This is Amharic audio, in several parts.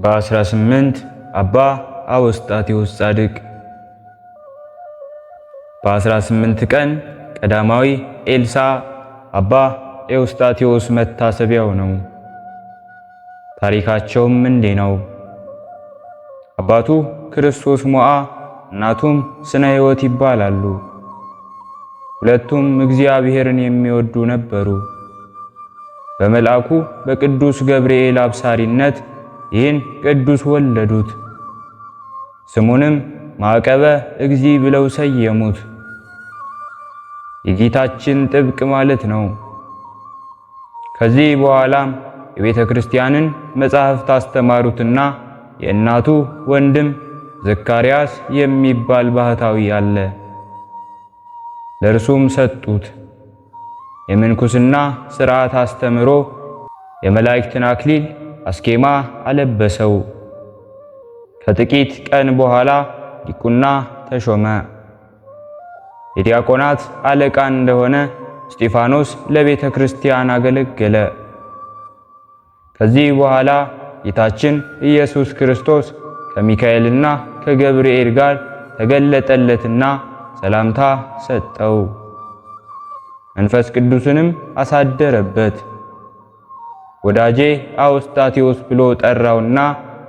በ18 አባ አውስጣቴዎስ ጻድቅ። በ18 ቀን ቀዳማዊ ኤልሳ አባ ኤዎስጣቴዎስ መታሰቢያው ነው። ታሪካቸውም እንዲህ ነው። አባቱ ክርስቶስ ሞዓ እናቱም ስነ ሕይወት ይባላሉ። ሁለቱም እግዚአብሔርን የሚወዱ ነበሩ። በመልአኩ በቅዱስ ገብርኤል አብሳሪነት ይህን ቅዱስ ወለዱት። ስሙንም ማዕቀበ እግዚ ብለው ሰየሙት። የጌታችን ጥብቅ ማለት ነው። ከዚህ በኋላም የቤተ ክርስቲያንን መጻሕፍት አስተማሩትና የእናቱ ወንድም ዘካርያስ የሚባል ባህታዊ አለ። ለእርሱም ሰጡት። የምንኩስና ሥርዓት አስተምሮ የመላእክትን አክሊል አስኬማ አለበሰው። ከጥቂት ቀን በኋላ ዲቁና ተሾመ። የዲያቆናት አለቃ እንደሆነ እስጢፋኖስ ለቤተ ክርስቲያን አገለገለ። ከዚህ በኋላ ጌታችን ኢየሱስ ክርስቶስ ከሚካኤልና ከገብርኤል ጋር ተገለጠለትና ሰላምታ ሰጠው። መንፈስ ቅዱስንም አሳደረበት። ወዳጄ አውስጣቴዎስ ብሎ ጠራውና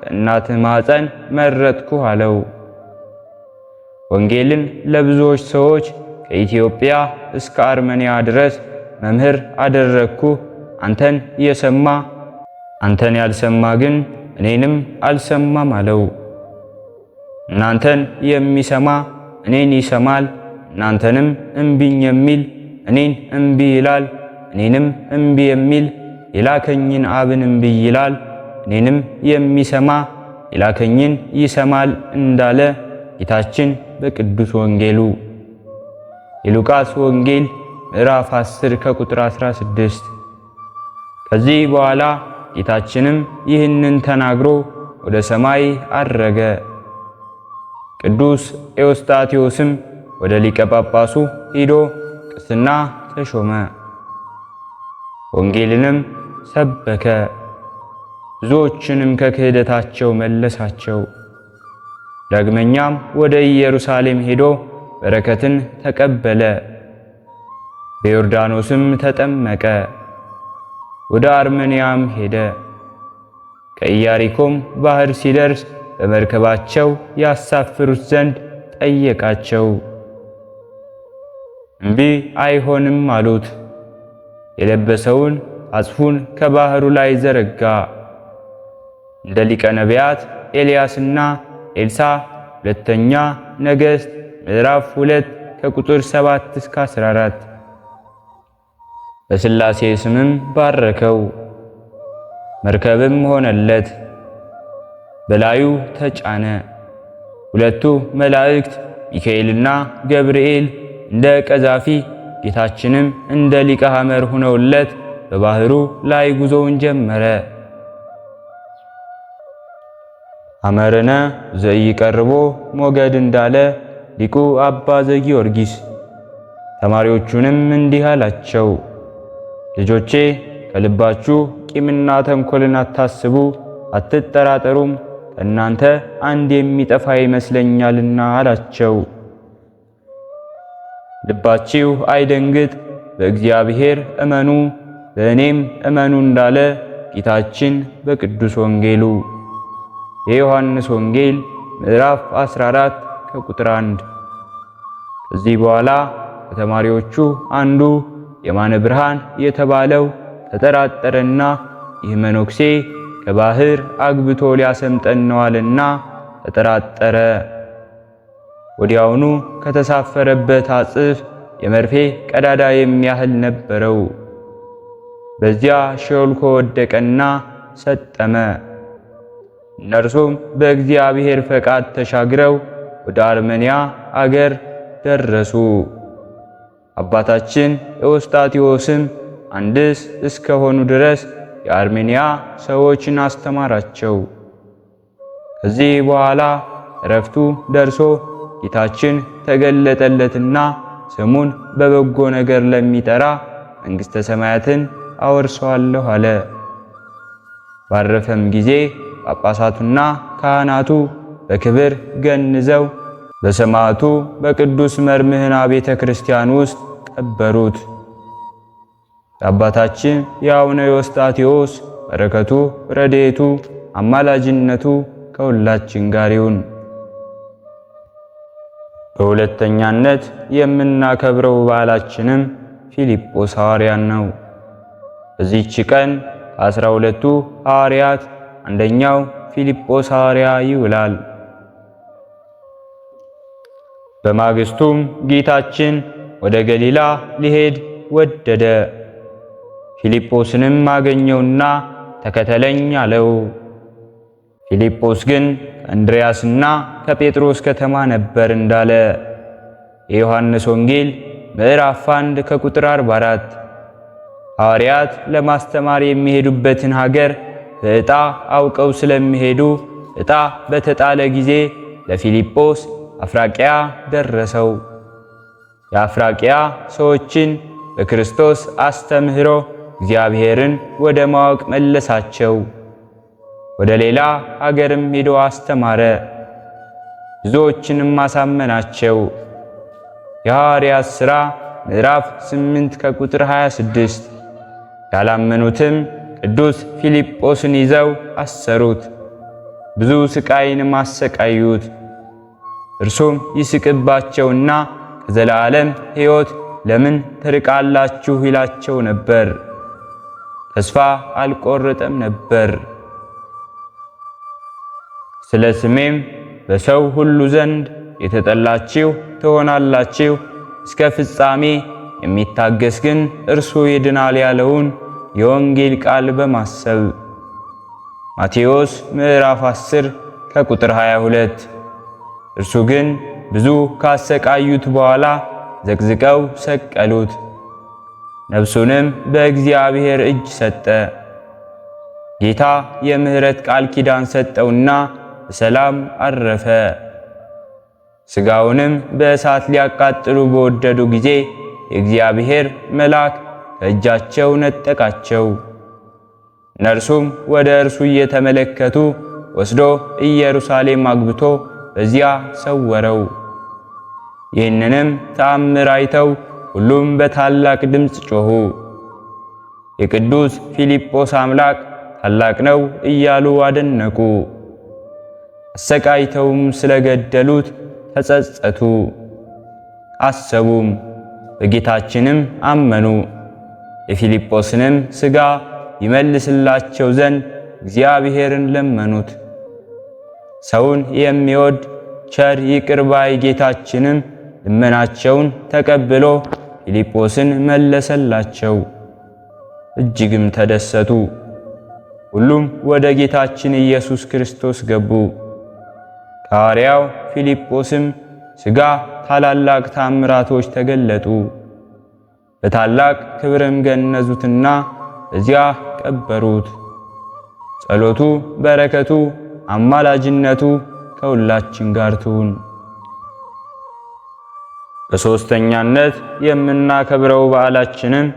ከእናት ማፀን መረጥኩ አለው። ወንጌልን ለብዙዎች ሰዎች ከኢትዮጵያ እስከ አርመንያ ድረስ መምህር አደረኩ አንተን የሰማ አንተን ያልሰማ ግን እኔንም አልሰማም አለው። እናንተን የሚሰማ እኔን ይሰማል፣ እናንተንም እምቢኝ የሚል እኔን እምቢ ይላል፣ እኔንም እምቢ የሚል የላከኝን አብንም ብይ ይላል፣ እኔንም የሚሰማ የላከኝን ይሰማል እንዳለ ጌታችን በቅዱስ ወንጌሉ የሉቃስ ወንጌል ምዕራፍ 10 ከቁጥር 16። ከዚህ በኋላ ጌታችንም ይህንን ተናግሮ ወደ ሰማይ አረገ። ቅዱስ ኤዎስጣቴዎስም ወደ ሊቀ ጳጳሱ ሂዶ ቅስና ተሾመ። ወንጌልንም ሰበከ፣ ብዙዎችንም ከክህደታቸው መለሳቸው። ዳግመኛም ወደ ኢየሩሳሌም ሄዶ በረከትን ተቀበለ። በዮርዳኖስም ተጠመቀ። ወደ አርመንያም ሄደ። ከኢያሪኮም ባህር ሲደርስ በመርከባቸው ያሳፍሩት ዘንድ ጠየቃቸው። እምቢ አይሆንም አሉት። የለበሰውን አጽፉን ከባህሩ ላይ ዘረጋ። እንደ ሊቀ ነቢያት ኤልያስና ኤልሳ ሁለተኛ ነገሥት ምዕራፍ 2 ከቁጥር 7 እስከ 14 በሥላሴ ስምም ባረከው፣ መርከብም ሆነለት፣ በላዩ ተጫነ። ሁለቱ መላእክት ሚካኤልና ገብርኤል እንደ ቀዛፊ ጌታችንም እንደ ሊቀ ሐመር ሆነውለት በባህሩ ላይ ጉዞውን ጀመረ። አመረነ ዘይቀርቦ ሞገድ እንዳለ ሊቁ አባ ዘጊዮርጊስ ተማሪዎቹንም እንዲህ አላቸው። ልጆቼ ከልባችሁ ቂምና ተንኮልን አታስቡ፣ አትጠራጠሩም። ከእናንተ አንድ የሚጠፋ ይመስለኛልና አላቸው። ልባችሁ አይደንግጥ፣ በእግዚአብሔር እመኑ። በእኔም እመኑ እንዳለ ጌታችን በቅዱስ ወንጌሉ የዮሐንስ ወንጌል ምዕራፍ 14 ከቁጥር 1። ከዚህ በኋላ ከተማሪዎቹ አንዱ የማነ ብርሃን የተባለው ተጠራጠረና ይህ መነኩሴ ከባህር አግብቶ ሊያሰምጠነዋልና ተጠራጠረ። ወዲያውኑ ከተሳፈረበት አጽፍ የመርፌ ቀዳዳ የሚያህል ነበረው። በዚያ ሾልኮ ወደቀና ሰጠመ። እነርሱም በእግዚአብሔር ፈቃድ ተሻግረው ወደ አርመንያ አገር ደረሱ። አባታችን ኤዎስጣቴዎስም አንድስ እስከሆኑ ድረስ የአርሜንያ ሰዎችን አስተማራቸው። ከዚህ በኋላ እረፍቱ ደርሶ ጌታችን ተገለጠለትና ስሙን በበጎ ነገር ለሚጠራ መንግሥተ ሰማያትን አወርሰዋለሁ አለ። ባረፈም ጊዜ ጳጳሳቱና ካህናቱ በክብር ገንዘው በሰማዕቱ በቅዱስ መርምህና ቤተ ክርስቲያን ውስጥ ቀበሩት። የአባታችን የአቡነ ዮስጣቴዎስ በረከቱ፣ ረድኤቱ፣ አማላጅነቱ ከሁላችን ጋር ይሁን። በሁለተኛነት የምናከብረው በዓላችንም ፊልጶስ ሐዋርያን ነው። በዚህች ቀን ከአስራ ሁለቱ ሐዋርያት አንደኛው ፊልጶስ ሐዋርያ ይውላል። በማግስቱም ጌታችን ወደ ገሊላ ሊሄድ ወደደ። ፊልጶስንም አገኘውና ተከተለኝ አለው። ፊልጶስ ግን ከእንድርያስና ከጴጥሮስ ከተማ ነበር እንዳለ የዮሐንስ ወንጌል ምዕራፍ 1 ከቁጥር 44 ሐዋርያት ለማስተማር የሚሄዱበትን ሀገር በዕጣ አውቀው ስለሚሄዱ ዕጣ በተጣለ ጊዜ ለፊልጶስ አፍራቂያ ደረሰው። የአፍራቂያ ሰዎችን በክርስቶስ አስተምህሮ እግዚአብሔርን ወደ ማወቅ መለሳቸው። ወደ ሌላ አገርም ሄዶ አስተማረ፣ ብዙዎችንም አሳመናቸው። የሐዋርያት ሥራ ምዕራፍ 8 ከቁጥር 26 ያላመኑትም ቅዱስ ፊልጶስን ይዘው አሰሩት፣ ብዙ ሥቃይንም አሰቃዩት። እርሱም ይስቅባቸውና ከዘላለም ሕይወት ለምን ትርቃላችሁ ይላቸው ነበር። ተስፋ አልቆረጠም ነበር። ስለ ስሜም በሰው ሁሉ ዘንድ የተጠላችሁ ትሆናላችሁ እስከ ፍጻሜ የሚታገስ ግን እርሱ ይድናል ያለውን የወንጌል ቃል በማሰብ ማቴዎስ ምዕራፍ 10 ከቁጥር 22 እርሱ ግን ብዙ ካሰቃዩት በኋላ ዘቅዝቀው ሰቀሉት፣ ነፍሱንም በእግዚአብሔር እጅ ሰጠ። ጌታ የምሕረት ቃል ኪዳን ሰጠውና በሰላም አረፈ። ሥጋውንም በእሳት ሊያቃጥሉ በወደዱ ጊዜ የእግዚአብሔር መልአክ ከእጃቸው ነጠቃቸው። እነርሱም ወደ እርሱ እየተመለከቱ ወስዶ ኢየሩሳሌም አግብቶ በዚያ ሰወረው። ይህንንም ተአምር አይተው ሁሉም በታላቅ ድምፅ ጮኹ። የቅዱስ ፊልጶስ አምላክ ታላቅ ነው እያሉ አደነቁ። አሰቃይተውም ስለገደሉት ተጸጸቱ አሰቡም። በጌታችንም አመኑ። የፊልጶስንም ሥጋ ይመልስላቸው ዘንድ እግዚአብሔርን ለመኑት። ሰውን የሚወድ ቸር ይቅር ባይ ጌታችንም ልመናቸውን ተቀብሎ ፊልጶስን መለሰላቸው። እጅግም ተደሰቱ። ሁሉም ወደ ጌታችን ኢየሱስ ክርስቶስ ገቡ። ሐዋርያው ፊልጶስም ሥጋ ታላላቅ ታምራቶች ተገለጡ። በታላቅ ክብርም ገነዙትና እዚያ ቀበሩት። ጸሎቱ፣ በረከቱ፣ አማላጅነቱ ከሁላችን ጋር ትሁን። በሦስተኛነት የምናከብረው በዓላችንም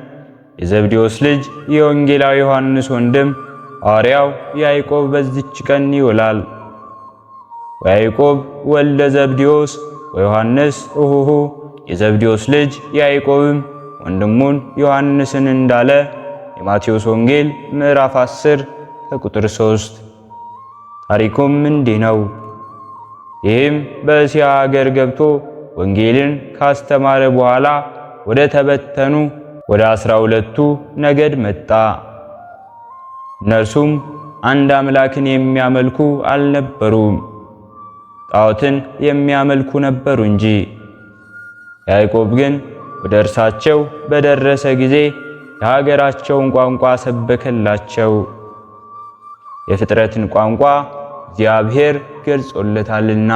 የዘብዴዎስ ልጅ የወንጌላዊ ዮሐንስ ወንድም ሐዋርያው ያዕቆብ በዚች ቀን ይውላል። ወያዕቆብ ወልደ ዘብዴዎስ ወዮሐንስ እሁሁ የዘብዴዎስ ልጅ ያዕቆብም ወንድሙን ዮሐንስን እንዳለ የማቴዎስ ወንጌል ምዕራፍ 10 ከቁጥር 3። ታሪኩም እንዲህ ነው። ይህም በእስያ አገር ገብቶ ወንጌልን ካስተማረ በኋላ ወደ ተበተኑ ወደ አስራ ሁለቱ ነገድ መጣ። እነርሱም አንድ አምላክን የሚያመልኩ አልነበሩም። ጣዖትን የሚያመልኩ ነበሩ እንጂ። ያዕቆብ ግን ወደ እርሳቸው በደረሰ ጊዜ የሀገራቸውን ቋንቋ ሰበከላቸው። የፍጥረትን ቋንቋ እግዚአብሔር ገልጾለታልና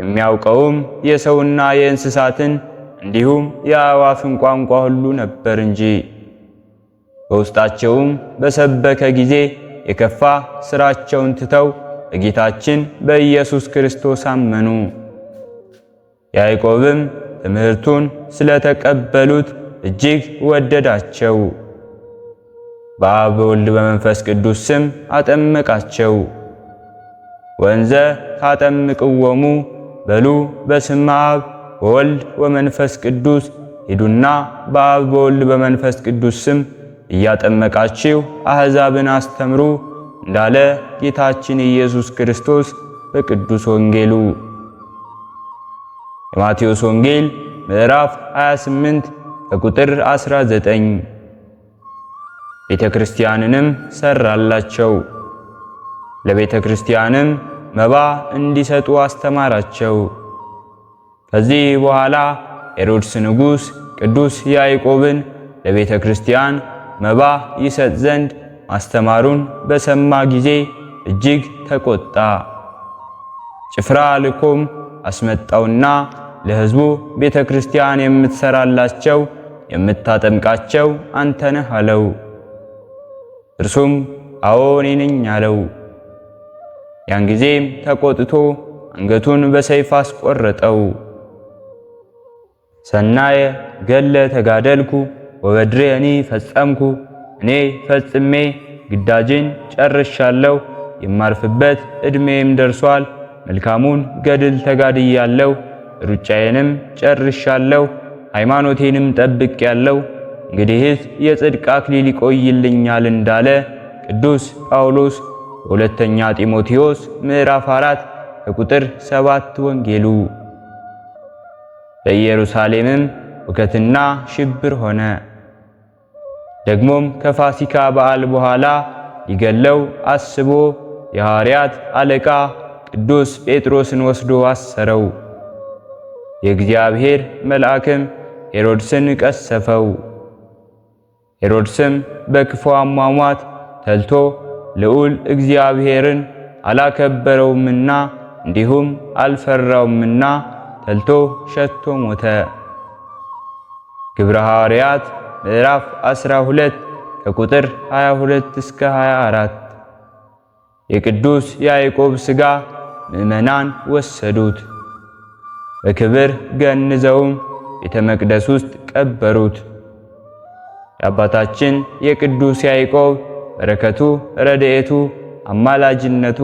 የሚያውቀውም የሰውና የእንስሳትን እንዲሁም የአእዋፍን ቋንቋ ሁሉ ነበር እንጂ። በውስጣቸውም በሰበከ ጊዜ የከፋ ስራቸውን ትተው በጌታችን በኢየሱስ ክርስቶስ አመኑ። ያዕቆብም ትምህርቱን ስለተቀበሉት እጅግ ወደዳቸው። በአብ በወልድ በመንፈስ ቅዱስ ስም አጠመቃቸው። ወንዘ ታጠምቅወሙ በሉ በስመ አብ ወወልድ ወመንፈስ ቅዱስ ሂዱና በአብ በወልድ በመንፈስ ቅዱስ ስም እያጠመቃችሁ አሕዛብን አስተምሩ እንዳለ ጌታችን ኢየሱስ ክርስቶስ በቅዱስ ወንጌሉ የማቴዎስ ወንጌል ምዕራፍ 28 ከቁጥር 19 ቤተ ክርስቲያንንም ሰራላቸው፣ ለቤተ ክርስቲያንም መባ እንዲሰጡ አስተማራቸው። ከዚህ በኋላ ሄሮድስ ንጉሥ ቅዱስ ያዕቆብን ለቤተ ክርስቲያን መባ ይሰጥ ዘንድ ማስተማሩን በሰማ ጊዜ እጅግ ተቆጣ። ጭፍራ ልኮም አስመጣውና ለሕዝቡ ቤተ ክርስቲያን የምትሰራላቸው የምታጠምቃቸው አንተ አለው። እርሱም አዎ እኔ ነኝ አለው። ያን ጊዜም ተቆጥቶ አንገቱን በሰይፍ አስቆረጠው። ሰናየ ገለ ተጋደልኩ ወበድሬ እኔ ፈጸምኩ እኔ ፈጽሜ ግዳጄን ጨርሻለሁ፣ የማርፍበት ዕድሜም ደርሷል። መልካሙን ገድል ተጋድያለሁ፣ ሩጫዬንም ጨርሻለሁ፣ ሃይማኖቴንም ጠብቄያለሁ። እንግዲህስ የጽድቅ አክሊል ይቆይልኛል እንዳለ ቅዱስ ጳውሎስ ሁለተኛ ጢሞቴዎስ ምዕራፍ 4 ከቁጥር 7 ወንጌሉ በኢየሩሳሌምም ውከትና ሽብር ሆነ። ደግሞም ከፋሲካ በዓል በኋላ ሊገለው አስቦ የሐዋርያት አለቃ ቅዱስ ጴጥሮስን ወስዶ አሰረው። የእግዚአብሔር መልአክም ሄሮድስን ቀሰፈው። ሄሮድስም በክፉ አሟሟት ተልቶ ልዑል እግዚአብሔርን አላከበረውምና እንዲሁም አልፈራውምና ተልቶ ሸቶ ሞተ። ግብረ ሐዋርያት ምዕራፍ 12 ከቁጥር 22 እስከ 24 የቅዱስ ያዕቆብ ሥጋ ምዕመናን ወሰዱት፣ በክብር ገንዘውም ቤተ መቅደስ ውስጥ ቀበሩት። የአባታችን የቅዱስ ያዕቆብ በረከቱ፣ ረድኤቱ፣ አማላጅነቱ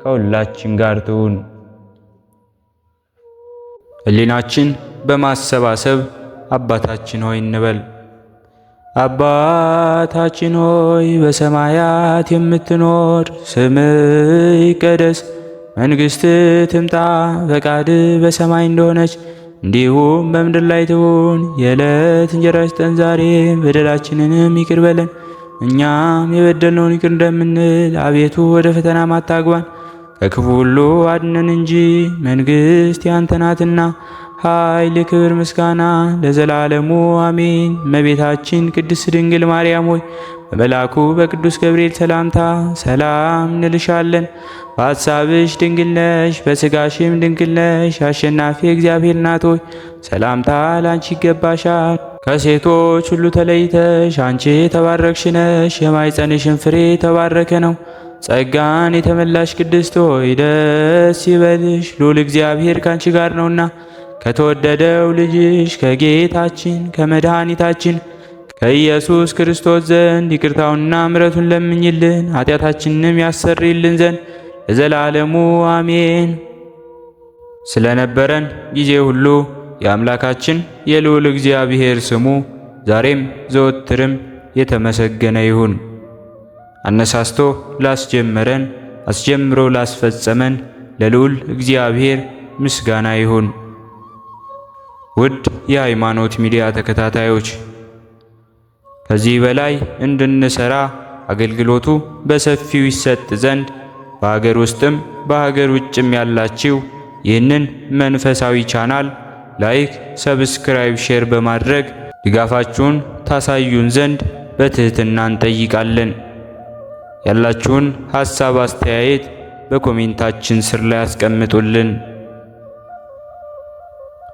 ከሁላችን ጋር ትሁን። ሕሊናችን በማሰባሰብ አባታችን ሆይ እንበል። አባታችን ሆይ በሰማያት የምትኖር፣ ስምህ ይቀደስ፣ መንግሥት ትምጣ፣ በቃድ በሰማይ እንደሆነች እንዲሁም በምድር ላይ ትሁን። የዕለት እንጀራች ስጠን ዛሬ፣ በደላችንንም ይቅር በለን እኛም የበደልነውን ይቅር እንደምንል፣ አቤቱ ወደ ፈተና አታግባን፣ ከክፉ ሁሉ አድነን እንጂ መንግሥት ያንተ ናትና ኃይል፣ ክብር፣ ምስጋና ለዘላለሙ አሜን። እመቤታችን ቅድስት ድንግል ማርያም ሆይ በመልአኩ በቅዱስ ገብርኤል ሰላምታ ሰላም እንልሻለን። በሐሳብሽ ድንግል ነሽ፣ በሥጋሽም ድንግል ነሽ። አሸናፊ እግዚአብሔር እናት ሆይ ሰላምታ ላንቺ ይገባሻል። ከሴቶች ሁሉ ተለይተሽ አንቺ የተባረክሽ ነሽ፣ የማይጸንሽን ፍሬ የተባረከ ነው። ጸጋን የተመላሽ ቅድስት ሆይ ደስ ይበልሽ፣ ልዑል እግዚአብሔር ካንቺ ጋር ነውና ከተወደደው ልጅሽ ከጌታችን ከመድኃኒታችን ከኢየሱስ ክርስቶስ ዘንድ ይቅርታውንና ምረቱን ለምኝልን ኃጢአታችንንም ያሰሪልን ዘንድ ለዘላለሙ አሜን። ስለነበረን ጊዜ ሁሉ የአምላካችን የልዑል እግዚአብሔር ስሙ ዛሬም ዘወትርም የተመሰገነ ይሁን። አነሳስቶ ላስጀመረን አስጀምሮ ላስፈጸመን ለልዑል እግዚአብሔር ምስጋና ይሁን። ውድ የሃይማኖት ሚዲያ ተከታታዮች ከዚህ በላይ እንድንሰራ አገልግሎቱ በሰፊው ይሰጥ ዘንድ በሀገር ውስጥም በሀገር ውጭም ያላችሁ ይህንን መንፈሳዊ ቻናል ላይክ፣ ሰብስክራይብ፣ ሼር በማድረግ ድጋፋችሁን ታሳዩን ዘንድ በትህትና እንጠይቃለን። ያላችሁን ሐሳብ፣ አስተያየት በኮሜንታችን ስር ላይ አስቀምጡልን።